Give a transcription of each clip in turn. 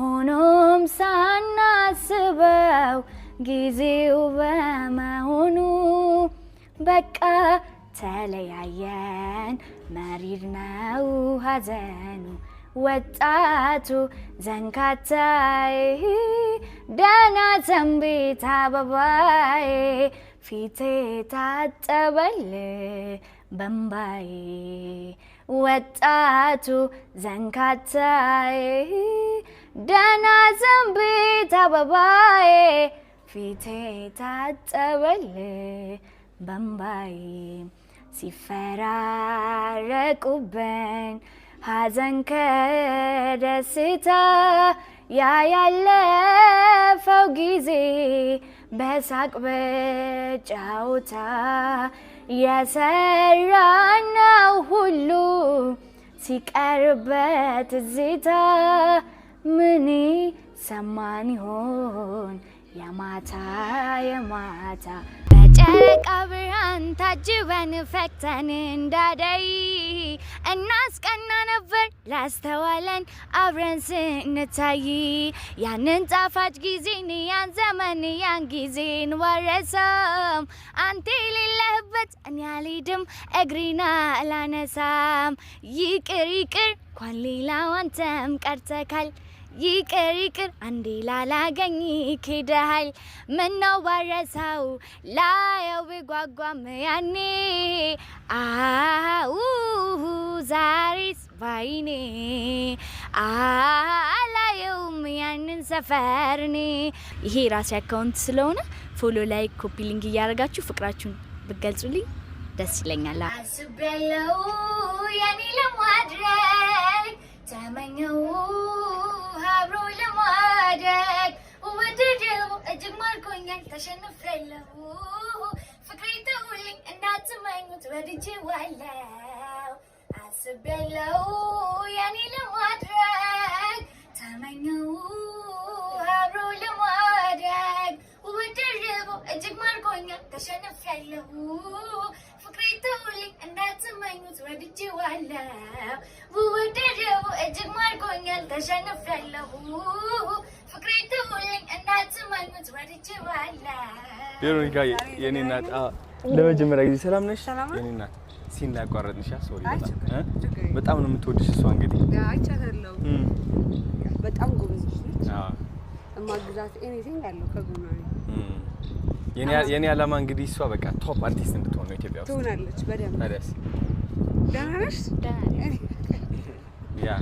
ሆኖም ሳናስበው ጊዜው በመሆኑ በቃ ተለያየን። መሪር ነው ሐዘኑ ወጣቱ ዘንካታይ ደህና ዘንቢት አበባዬ ፊቴ ታጠበል በንባዬ ወጣቱ ዘንካታይ ደና ዘንቢት አበባዬ ፊቴ ታጠበል በንባዬ ሲፈራረቁበን ሐዘን ከደስታ ያ ያለፈው ጊዜ በሳቅ በጫውታ የሰራናው ሁሉ ሲቀርበት ዝታ ምን ሰማን ይሆን የማታ የማታ በጨረቃ ብርሃን ታጅበን ፈክተን እንዳደይ እናስቀና ነበር ላስተዋለን አብረን ስንታይ ያንን ጣፋጭ ጊዜን ያን ዘመን ያን ጊዜን ወረሰም አንተ የሌለህበት እኔ አልሄድም እግሬን አላነሳም ይቅር ይቅር እንኳን ሌላው አንተም ቀርተካል ይቅር ይቅር አንዴ ላላገኝ ክደሃል ምነው ባረሳው ላየው ብጓጓም ያኔ አው ዛሬስ ባይኔ አላየውም ያንን ሰፈርኔ። ይሄ ራሴ አካውንት ስለሆነ ፎሎ ላይ ኮፒ ሊንክ እያደረጋችሁ ፍቅራችሁን ብገልጹልኝ ደስ ይለኛል። አስቤያለሁ የኔ ለማድረግ ተሸንፌለሁ ፍቅሬ ተውልኝ እንዳትመኙት ወድጄዋለሁ አስቤለሁ የኔ ለማድረግ ተመኘው አብሮ ለማድረግ ውድርቡ እጅግ ማርኮኛል ተሸንፌለሁ ፍቅሬ ተውልኝ እንዳትመኙት ወድጄዋለሁ ውድርቡ እጅግ ማርኮኛል ተሸንፌለሁ ቬሮኒካ የኔ እናት ለመጀመሪያ ጊዜ ሰላም ነሽ? የኔ እናት ሲን ላቋረጥንሽ፣ ሶሪ። በጣም ነው የምትወድሽ እሷ። እንግዲህ በጣም የኔ ዓላማ እንግዲህ እሷ በቃ ቶፕ አርቲስት እንድትሆን ነው ኢትዮጵያ ውስጥ ትሆናለች። ያ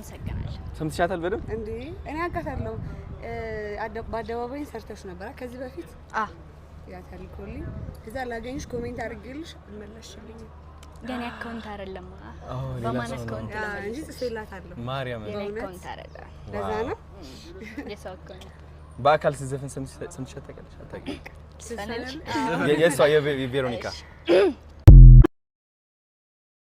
አመሰግናለሁ። ሰምተሻታል በደምብ እንዴ? እኔ አውቃታለሁ። በአደባባይ ሰርተሽ ነበራ ከዚህ በፊት አ ያታልኮልኝ ከዛ ላገኝሽ ኮሜንት አድርጌልሽ መለሽልኝ። የኔ አካውንት አይደለም በማን አካውንት እንጂ ጽፌላታለሁ። ማርያም አካውንት አይደለም። ለዛ ነው የሰው አካውንት። በአካል ስትዘፍን ሰምተሻት ታውቂያለሽ? አታውቂም? የእሷ የቬሮኒካ